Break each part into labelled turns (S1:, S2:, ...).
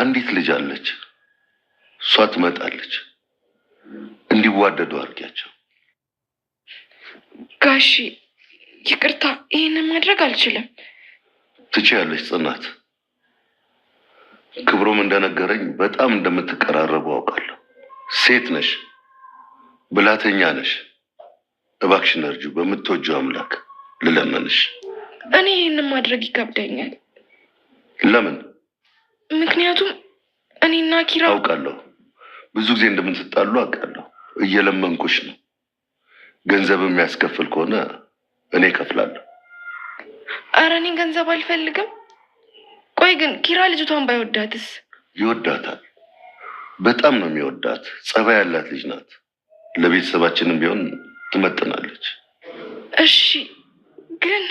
S1: አንዲት ልጅ አለች። እሷ ትመጣለች። እንዲዋደዱ አድርጊያቸው።
S2: ጋሺ ይቅርታ፣ ይህንን ማድረግ አልችልም።
S1: ትችያለች ጽናት። ክብሮም እንደነገረኝ በጣም እንደምትቀራረቡ አውቃለሁ። ሴት ነሽ፣ ብላተኛ ነሽ። እባክሽን እርጁ፣ በምትወጂው አምላክ ልለመንሽ።
S2: እኔ ይህንን ማድረግ ይከብደኛል። ለምን? ምክንያቱም እኔና ኪራ
S1: አውቃለሁ፣ ብዙ ጊዜ እንደምትጣሉ አውቃለሁ። እየለመንኩሽ ነው። ገንዘብ የሚያስከፍል ከሆነ እኔ እከፍላለሁ።
S2: አረ እኔ ገንዘብ አልፈልግም። ቆይ ግን ኪራ ልጅቷን ባይወዳትስ?
S1: ይወዳታል። በጣም ነው የሚወዳት። ጸባይ ያላት ልጅ ናት። ለቤተሰባችንም ቢሆን ትመጥናለች።
S2: እሺ ግን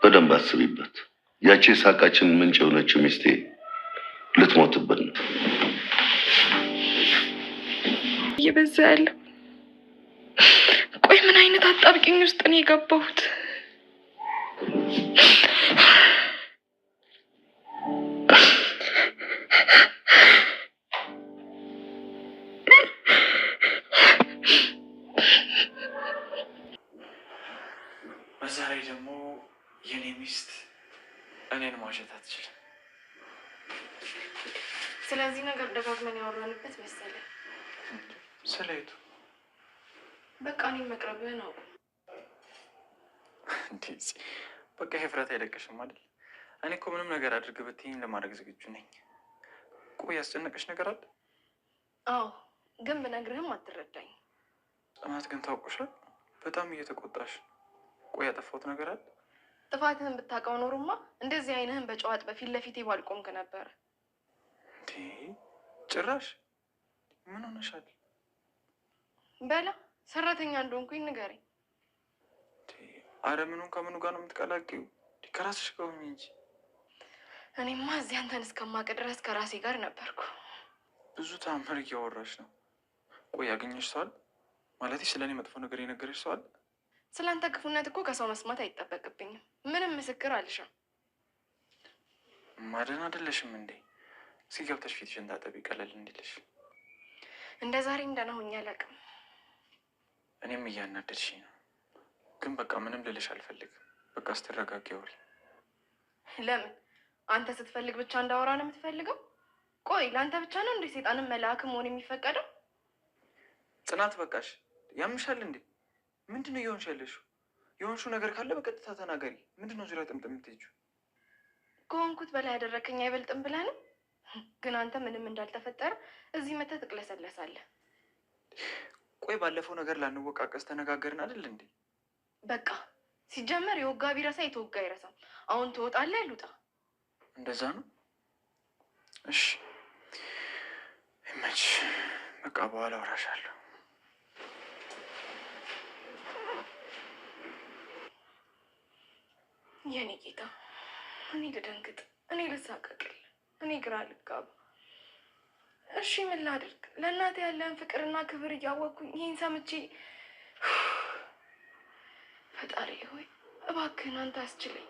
S1: በደንብ አስቢበት። ያቺ ሳቃችን ምንጭ የሆነችው ሚስቴ ልትሞትብን ነው።
S2: እየበዛ ያለው ቆይ ምን አይነት አጣብቂኝ ውስጥ ነው የገባሁት?
S3: አይለቀሽም አይደል? እኔ እኮ ምንም ነገር አድርግ ብትይኝ ለማድረግ ዝግጁ ነኝ። ቆይ ያስጨነቀሽ ነገር አለ?
S2: አዎ፣ ግን ብነግርህም አትረዳኝ።
S3: ጽናት ግን ታውቆሻል። በጣም እየተቆጣሽ። ቆይ ያጠፋሁት ነገር አለ?
S2: ጥፋትህን ብታውቀው ኖሩማ እንደዚህ አይንህን በጨዋጥ በፊት ለፊቴ ባልቆምክ ነበር።
S3: እንዴ ጭራሽ ምን ሆነሻል?
S2: በላ ሰራተኛ እንደሆንኩኝ ንገረኝ።
S3: አረ ምኑን ከምኑ ጋር ነው የምትቀላቂው? ከራስሽ ጋር ሁኚ እንጂ።
S2: እኔማ እዚህ አንተን እስከማውቅ ድረስ ከራሴ ጋር ነበርኩ።
S3: ብዙ ታምር እያወራሽ ነው። ቆይ ያገኘሽ ሰዋል ማለት ስለ እኔ መጥፎ ነገር የነገረሽ ሰዋል?
S2: ስለ አንተ ክፉነት እኮ ከሰው መስማት አይጠበቅብኝም። ምንም ምስክር አልሻም።
S3: ማደን አይደለሽም እንዴ? እስኪ ገብተሽ ፊትሽን ታጠቢ፣ ቀለል እንዲልሽ።
S2: እንደ ዛሬ አላውቅም።
S3: እኔም እያናደድሽ ነው፣ ግን በቃ ምንም ልልሽ አልፈልግም። በቃ ስትረጋጋ
S2: ለምን አንተ ስትፈልግ ብቻ እንዳወራ ነው የምትፈልገው? ቆይ ለአንተ ብቻ ነው እንዴ ሴጣንም መልአክም መሆን የሚፈቀደው?
S3: ጽናት በቃሽ፣ ያምሻል እንዴ? ምንድን ነው እየሆንሽ ያለሽው? የሆንሽው ነገር ካለ በቀጥታ ተናገሪ። ምንድን ነው ዙሪያ ጥምጥም የምትሄጂው?
S2: ከሆንኩት በላይ ያደረከኝ አይበልጥም ብለህ ነው? ግን አንተ ምንም እንዳልተፈጠረ እዚህ መተህ ትቅለሰለሳለህ።
S3: ቆይ ባለፈው ነገር ላንወቃቀስ ተነጋገርን አይደል እንዴ?
S2: በቃ ሲጀመር የወጋ ቢረሳ የተወጋ አይረሳም። አሁን ትወጣለህ ሉጣ።
S3: እንደዛ ነው። እሺ ይመች። በቃ በኋላ አወራሻለሁ።
S2: የኔ ጌታ፣ እኔ ልደንግጥ፣ እኔ ልሳቀቅል፣ እኔ ግራ ልጋባ። እሺ ምን ላድርግ? ለእናቴ ያለን ፍቅርና ክብር እያወቅኩኝ ይህን ሰምቼ ፈጣሪ ሆይ እባክህን አንተ አስችለኝ።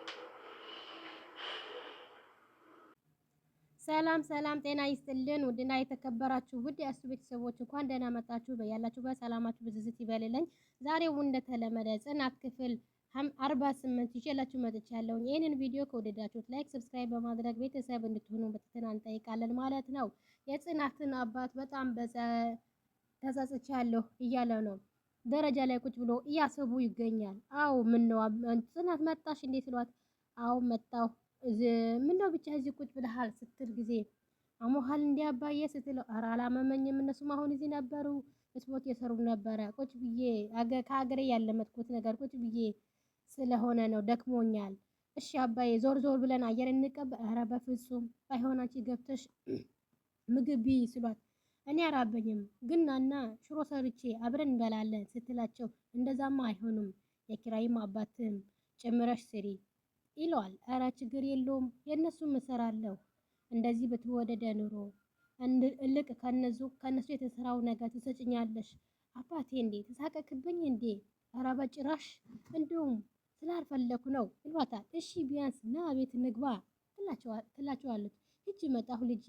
S4: ሰላም ሰላም፣ ጤና ይስጥልን ውድና የተከበራችሁ ውድ የእሱ ቤተሰቦች እንኳን ደህና መጣችሁ። በያላችሁበት በሰላማችሁ ብዝዝት ይበልልኝ። ዛሬው እንደተለመደ ጽናት ክፍል አርባ ስምንት ይዤላችሁ መጥቻለሁ። ይህንን ቪዲዮ ከወደዳችሁት ላይክ፣ ሰብስክራይብ በማድረግ ቤተሰብ እንድትሆኑ በትህትና እንጠይቃለን ማለት ነው። የጽናትን አባት በጣም ተጸጽቻለሁ እያለ ነው ደረጃ ላይ ቁጭ ብሎ እያሰቡ ይገኛል። አዎ ምን ነው ጽናት መጣሽ እንዴት ስሏት፣ አዎ መጣሁ። ምን ነው ብቻ እዚህ ቁጭ ብለሃል ስትል ጊዜ አሞሃል እንዲ አባዬ ስትለው፣ ኧረ አላመመኝም። እነሱም አሁን እዚህ ነበሩ ስፖርት የሰሩ ነበረ። ቁጭ ብዬ ከሀገሬ ያለመጥኩት ነገር ቁጭ ብዬ ስለሆነ ነው ደክሞኛል። እሺ አባዬ ዞር ዞር ብለን አየር እንቀበል። ኧረ በፍጹም ባይሆን አንቺ ገብተሽ ምግብ ብይ ስሏት እኔ አራበኝም ግን ናና ሽሮ ሰርቼ አብረን እንበላለን ስትላቸው እንደዛማ አይሆኑም የኪራይም አባትም ጨምረሽ ስሪ ይለዋል። እረ ችግር የለውም የእነሱም እሰራለሁ እንደዚህ ብትወደደ ኑሮ እልቅ ከነዙ ከነሱ የተሰራው ነገር ትሰጭኛለሽ። አባቴ እንዴ ተሳቀክብኝ እንዴ? እረ በጭራሽ እንዲሁም ስላልፈለኩ ነው ይሏታል። እሺ ቢያንስ ና ቤት ንግባ ትላቸዋለች። ይቺ መጣሁ ልጄ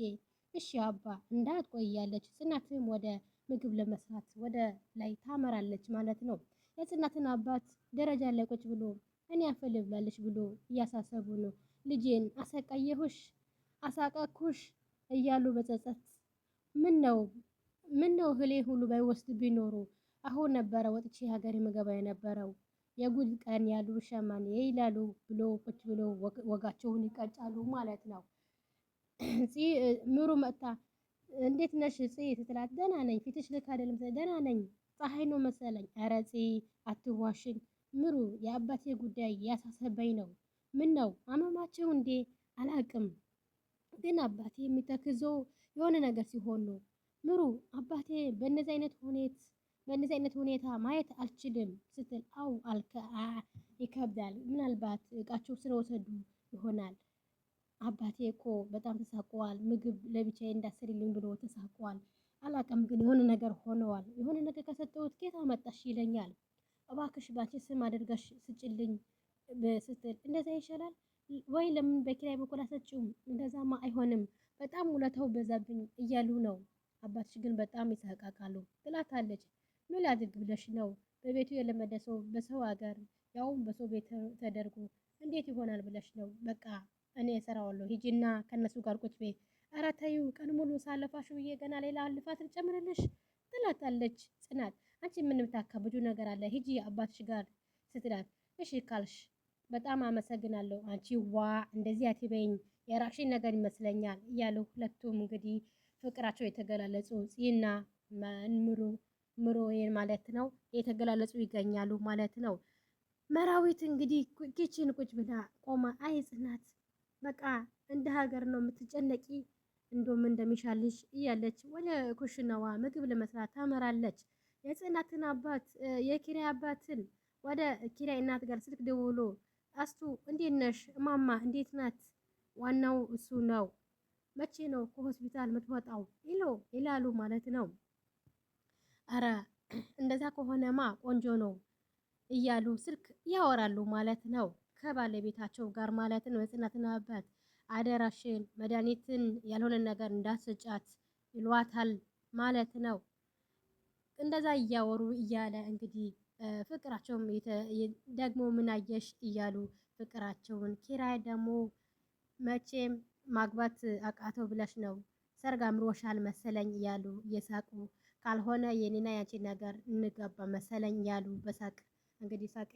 S4: እሺ አባ እንዳትቆያለች ጽናትም ወደ ምግብ ለመስራት ወደ ላይ ታመራለች ማለት ነው። የጽናትን አባት ደረጃ ላይ ቁጭ ብሎ እኔ አፈል ብላለች ብሎ እያሳሰቡ ነው። ልጄን አሰቃየሁሽ፣ አሳቀኩሽ እያሉ በጸጸት ምን ነው ምን ነው እህሌ ሁሉ ባይወስድ ቢኖሩ አሁን ነበረ ወጥቼ ሀገር ምግባ የነበረው የጉድ ቀን ያሉ ሸማኔ ይላሉ ብሎ ቁጭ ብሎ ወጋቸውን ይቀጫሉ ማለት ነው። ምሩ መጥታ እንዴት ነሽ ጽይ ስትላት ደህና ነኝ፣ ፊትሽ ልክ አይደለም፣ ደህና ነኝ፣ ፀሐይ ነው መሰለኝ። ኧረ ጽይ አትዋሽኝ ምሩ፣ የአባቴ ጉዳይ ያሳሰበኝ ነው። ምን ነው አመማቸው እንዴ? አላቅም፣ ግን አባቴ የሚተክዘው የሆነ ነገር ሲሆን ነው። ምሩ አባቴ በእነዚህ አይነት ሁኔት በእነዚህ አይነት ሁኔታ ማየት አልችልም ስትል አው ይከብዳል። ምናልባት እቃቸው ስለወሰዱ ይሆናል አባቴ እኮ በጣም ተሳቀዋል፣ ምግብ ለብቻዬ እንዳስሪልኝ ብሎ ተሳቀዋል። አላቀም ግን የሆነ ነገር ሆነዋል። የሆነ ነገር ከሰጠሁት ጌታ መጣሽ ይለኛል። እባክሽ ባንቺ ስም አድርጋሽ ስጭልኝ ስትል እንደዛ ይሻላል ወይ? ለምን በኪራይ በኩል አሰጪውም? እንደዛማ አይሆንም፣ በጣም ውለታው በዛብኝ እያሉ ነው። አባትሽ ግን በጣም ይሳቃቃሉ ትላታለች። ምን ላድርግ ብለሽ ነው? በቤቱ የለመደ ሰው በሰው ሀገር ያውም በሰው ቤት ተደርጎ እንዴት ይሆናል ብለሽ ነው? በቃ እኔ እሰራዋለሁ። ሂጂና ከነሱ ጋር ቁጭ በይ። ኧረ ተይው፣ ቀን ሙሉ ሳለፋሽ ብዬ ገና ሌላ ልፋት ልጨምርልሽ ትላታለች ጽናት። አንቺ የምንምታካ ብዙ ነገር አለ፣ ሂጂ አባትሽ ጋር ስትላት፣ እሺ ካልሽ በጣም አመሰግናለሁ። አንቺ ዋ እንደዚህ አትበይኝ፣ የራቅሽኝ ነገር ይመስለኛል እያሉ ሁለቱም እንግዲህ ፍቅራቸው የተገላለጹ ጽና ምሩ ምሮ ማለት ነው የተገላለጹ ይገኛሉ ማለት ነው። መራዊት እንግዲህ ኪችን ቁጭ ብላ ቆማ አይ ጽናት በቃ እንደ ሀገር ነው የምትጨነቂ፣ እንዶም እንደሚሻልሽ እያለች ወደ ኩሽናዋ ምግብ ለመስራት ታመራለች። የጽናትን አባት የኪራይ አባትን ወደ ኪራይ እናት ጋር ስልክ ደውሎ አስቱ እንዴት ነሽ እማማ እንዴት ናት? ዋናው እሱ ነው። መቼ ነው ከሆስፒታል የምትወጣው? ይሎ ይላሉ ማለት ነው። አረ እንደዛ ከሆነማ ቆንጆ ነው እያሉ ስልክ ያወራሉ ማለት ነው። ከባለቤታቸው ጋር ማለትን በጽናትና አባት አደራሽን መድኃኒትን ያልሆነ ነገር እንዳስጫት ይሏታል ማለት ነው። እንደዛ እያወሩ እያለ እንግዲህ ፍቅራቸውም ደግሞ ምን አየሽ እያሉ ፍቅራቸውን ኪራይ ደግሞ መቼም ማግባት አቃተው ብለሽ ነው ሰርግ አምሮሻል መሰለኝ እያሉ እየሳቁ ካልሆነ የኔና ያንቺ ነገር እንገባ መሰለኝ እያሉ በሳቅ እንግዲህ ሳቅ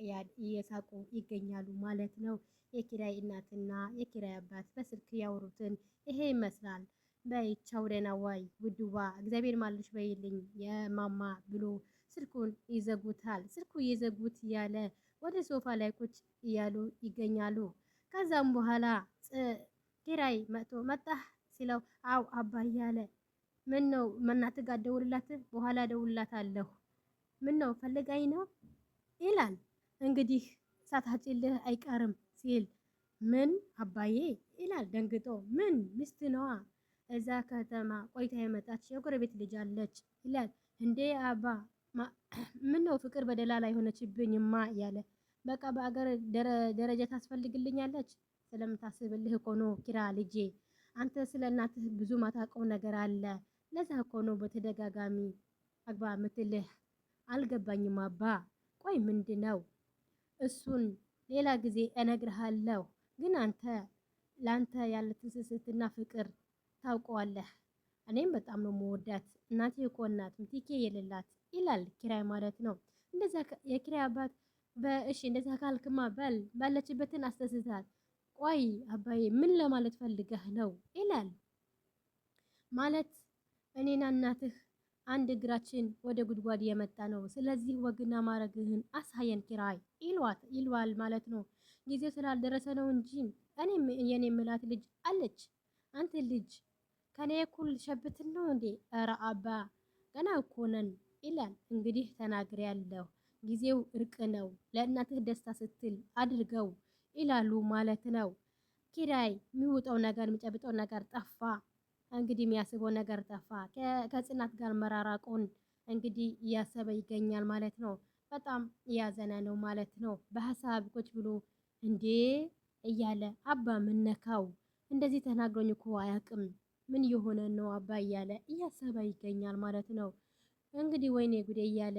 S4: እየሳቁ ይገኛሉ ማለት ነው። የኪራይ እናትና የኪራይ አባት በስልክ ያወሩትን ይሄ ይመስላል። በይ ቻው፣ ደህና ዋይ ውድዋ፣ እግዚአብሔር ማልሽ በይልኝ የማማ ብሎ ስልኩን ይዘጉታል። ስልኩ ይዘጉት እያለ ወደ ሶፋ ላይ ቁጭ እያሉ ይገኛሉ። ከዛም በኋላ ኪራይ መጥቶ መጣህ ሲለው አው አባ እያለ ምን ነው መናትጋ ደውልላት፣ በኋላ ደውልላት አለሁ። ምን ነው ፈልጋኝ ነው ይላል። እንግዲህ ሳታጭልህ አይቀርም ሲል ምን አባዬ ይላል ደንግጦ። ምን ሚስት ነዋ እዛ ከተማ ቆይታ የመጣች የጎረቤት ልጅ አለች ይላል። እንዴ አባ ምን ነው ፍቅር በደላላ የሆነችብኝማ ያለ በቃ በአገር ደረጃ ታስፈልግልኛለች ስለምታስብልህ እኮ ነው ኪራ ልጄ። አንተ ስለ እናትህ ብዙ ማታውቀው ነገር አለ። ለዛ እኮ ነው በተደጋጋሚ አግባ ምትልህ። አልገባኝም አባ ቆይ ምንድ ነው እሱን ሌላ ጊዜ እነግርሃለሁ። ግን አንተ ለአንተ ያለ ትስስትና ፍቅር ታውቀዋለህ። እኔም በጣም ነው መወዳት እናቴ እኮ እናት ምትኬ የሌላት ይላል ኪራይ ማለት ነው። እንደዛ የኪራይ አባት በእሺ እንደዛ ካልክማ በል ባለችበትን አስተስታት ቆይ አባዬ ምን ለማለት ፈልገህ ነው ይላል ማለት እኔና እናትህ አንድ እግራችን ወደ ጉድጓድ የመጣ ነው። ስለዚህ ወግና ማረግህን አሳየን ኪራይ ይሏት ይሏል ማለት ነው። ጊዜው ስላልደረሰ ነው እንጂ እኔም የኔ ምላት ልጅ አለች። አንተ ልጅ ከኔ እኩል ሸብትን ነው እንዴ? ኧረ አባ ገና እኮ ነን ይላል። እንግዲህ ተናግሬ ያለሁ ጊዜው እርቅ ነው። ለእናትህ ደስታ ስትል አድርገው ይላሉ ማለት ነው። ኪራይ የሚውጠው ነገር የሚጨብጠው ነገር ጠፋ። እንግዲህ የሚያስበው ነገር ጠፋ። ከጽናት ጋር መራራቁን እንግዲህ እያሰበ ይገኛል ማለት ነው። በጣም እያዘነ ነው ማለት ነው። በሀሳብ ቁጭ ብሎ እንዴ እያለ አባ ምነካው እንደዚህ ተናግሮኝ እኮ አያውቅም፣ ምን የሆነ ነው አባ እያለ እያሰበ ይገኛል ማለት ነው። እንግዲህ ወይኔ ጉዴ እያለ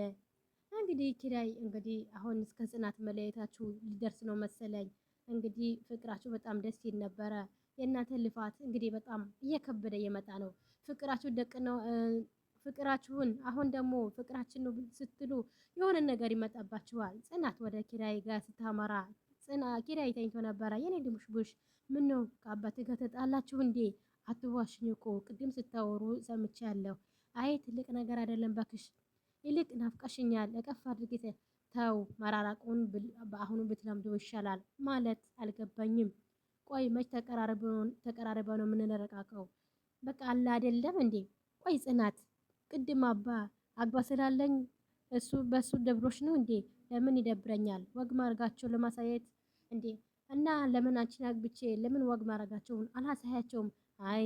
S4: እንግዲህ ኪራይ እንግዲህ አሁን እስከ ጽናት መለያየታችሁ ሊደርስ ነው መሰለኝ። እንግዲህ ፍቅራችሁ በጣም ደስ ይል ነበረ የእናንተ ልፋት እንግዲህ በጣም እየከበደ እየመጣ ነው። ፍቅራችሁ ደቅ ነው ፍቅራችሁን አሁን ደግሞ ፍቅራችን ስትሉ የሆነ ነገር ይመጣባችኋል። ጽናት ወደ ኪራይ ጋር ስታመራ ጽና ኪራይ ተኝቶ ነበረ። የኔ ድንቡሽቡሽ ምን ነው ከአባት ጋር ተጣላችሁ እንዴ? አትዋሽኝ እኮ ቅድም ስታወሩ ሰምቻለሁ። አይ ትልቅ ነገር አይደለም ባክሽ፣ ይልቅ ናፍቀሽኛል። ለቀፍ አድርጌ ተው፣ መራራቁን በአሁኑ ብትለምዶ ይሻላል ማለት አልገባኝም ቆይ መች ተቀራርበ ነው የምንረቃቀው? በቃ አለ አይደለም እንዴ? ቆይ ጽናት፣ ቅድም አባ አግባ ስላለኝ እሱ በእሱ ደብሮች ነው እንዴ? ለምን ይደብረኛል? ወግ ማድረጋቸው ለማሳየት እንዴ? እና ለምን አንቺን አግብቼ ለምን ወግ ማድረጋቸውን አላሳያቸውም? አይ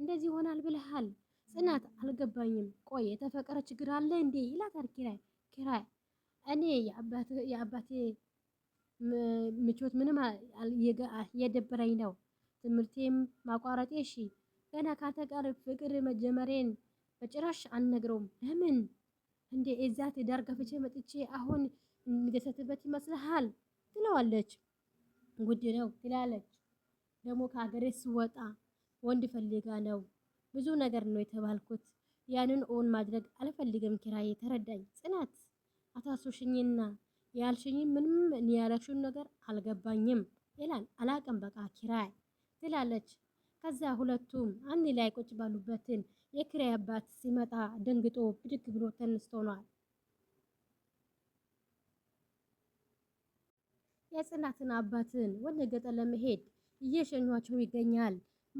S4: እንደዚህ ይሆናል ብለሃል ጽናት። አልገባኝም። ቆይ የተፈቀረ ችግር አለ እንዴ? ይላታል ኪራይ ኪራይ እኔ የአባቴ ምቾት ምንም እየደበረኝ ነው። ትምህርቴም ማቋረጤ እሺ፣ ገና ካንተ ጋር ፍቅር መጀመሬን በጭራሽ አልነግረውም። ለምን እንዴ እዛ ትዳር ገፍቼ መጥቼ አሁን የሚደሰትበት ይመስልሃል? ትለዋለች። ጉድ ነው ትላለች። ደግሞ ከሀገሬ ስወጣ ወንድ ፈልጋ ነው ብዙ ነገር ነው የተባልኩት። ያንን ኦን ማድረግ አልፈልግም። ኪራዬ ተረዳኝ። ጽናት አታሶሽኝና ያልሽኝ ምንም ያረግሽውን ነገር አልገባኝም ይላል። አላቅም በቃ ኪራይ ትላለች። ከዛ ሁለቱም አንድ ላይ ቁጭ ባሉበትን የኪራይ አባት ሲመጣ ደንግጦ ብድግ ብሎ ተነስቶ ሆኗል። የጽናትን አባትን ወደ ገጠር ለመሄድ እየሸኟቸው ይገኛል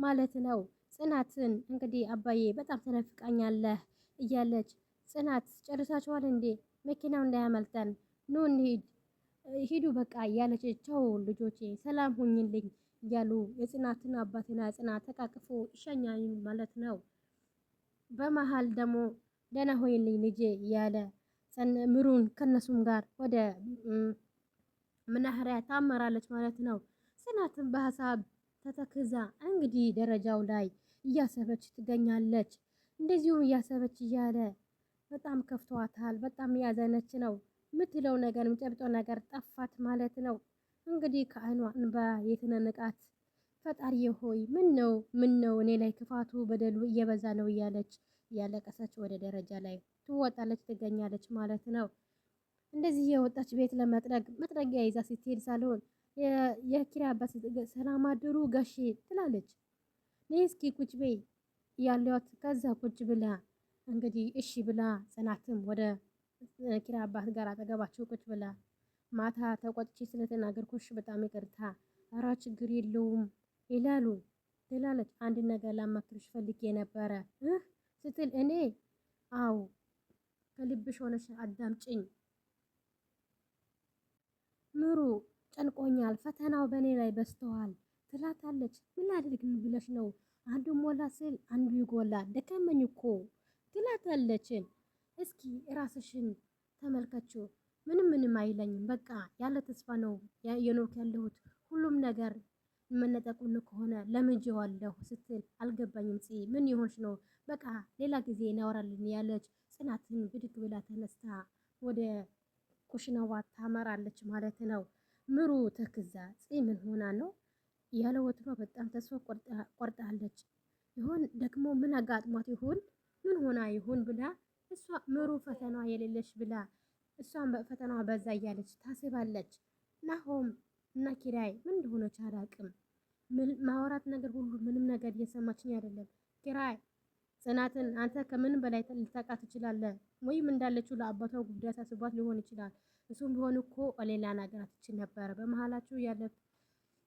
S4: ማለት ነው። ጽናትን እንግዲህ አባዬ በጣም ተነፍቃኛለህ እያለች ጽናት ጨርሳችኋል እንዴ? መኪናው እንዳያመልጠን ኑ እንሂድ፣ ሂዱ በቃ እያለች ቻው ልጆቼ ሰላም ሁኝልኝ እያሉ የጽናትን አባትና ጽናት ተቃቅፎ ይሸኛኝ ማለት ነው። በመሀል ደግሞ ደህና ሆይልኝ ልጄ እያለ ምሩን ከነሱም ጋር ወደ መናኸሪያ ታመራለች ማለት ነው። ጽናትን በሀሳብ ተተክዛ እንግዲህ ደረጃው ላይ እያሰበች ትገኛለች። እንደዚሁም እያሰበች እያለ በጣም ከፍቷታል። በጣም ያዘነች ነው። የምትለው ነገር የምጨብጠው ነገር ጠፋት ማለት ነው። እንግዲህ ከአይኗ እንባ የተነነቃት ፈጣሪ ሆይ ምን ነው ምን ነው እኔ ላይ ክፋቱ በደሉ እየበዛ ነው እያለች እያለቀሰች ወደ ደረጃ ላይ ትወጣለች ትገኛለች ማለት ነው። እንደዚህ የወጣች ቤት ለመጥረግ መጥረጊያ ይዛ ስትሄድ ሳልሆን የኪራ አባት ሰላም አድሩ ጋሼ ትላለች። ነይ እስኪ ቁጭ በይ ያለዋት ከዛ ቁጭ ብላ እንግዲህ እሺ ብላ ጽናትም ወደ ኪራ አባት ጋር አጠገባቸው ቁጭ ብላ ማታ ተቆጥቼ ስለተናገርኩሽ በጣም ይቅርታ፣ አራ ችግር የለውም ይላሉ ትላለች። አንድ ነገር ላማክርሽ ፈልጌ ነበረ ስትል እኔ አው ከልብሽ ሆነሽ አዳምጭኝ ምሩ፣ ጨንቆኛል፣ ፈተናው በእኔ ላይ በስተዋል ትላታለች። ምን ላድርግ ብለሽ ነው? አንዱ ሞላ ስል አንዱ ይጎላል፣ ደከመኝ እኮ ትላታለች። እስኪ ራስሽን ተመልከችው። ምንም ምንም አይለኝም። በቃ ያለ ተስፋ ነው የኖርኩ ያለሁት። ሁሉም ነገር መነጠቁን ከሆነ ለምጄዋለሁ ስትል አልገባኝም። ጽ ምን የሆንሽ ነው? በቃ ሌላ ጊዜ እናወራለን ያለች ጽናትን ብድግ ብላ ተነስታ ወደ ኩሽናዋ ታመራለች ማለት ነው። ምሩ ተክዛ ጽ ምን ሆና ነው ያለ ወትሮ በጣም ተስፋ ቆርጣለች። ይሆን ደግሞ ምን አጋጥሟት ይሆን? ምን ሆና ይሆን ብላ እሷ ምሩ ፈተና የሌለሽ ብላ እሷን ፈተናዋ በዛ እያለች ታስባለች። ናሆም እና ኪራይ ምን እንደሆነች አላቅም። ማወራት ነገር ሁሉ ምንም ነገር እየሰማችኝ አይደለም። ኪራይ ጽናትን አንተ ከምን በላይ ልታውቃት ትችላለህ፣ ወይም እንዳለችው ለአባቷ ጉዳይ አሳስቧት ሊሆን ይችላል። እሱም ቢሆን እኮ ሌላ ነገር አትችል ነበረ በመሀላችሁ ያለት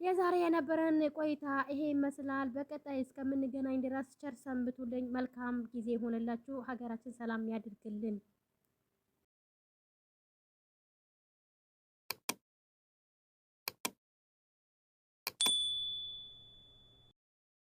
S4: የዛሬ የነበረን ቆይታ ይሄ ይመስላል። በቀጣይ እስከምንገናኝ ድረስ ቸር ሰንብቱልኝ። መልካም ጊዜ ሆነላችሁ። ሀገራችን ሰላም ያድርግልን።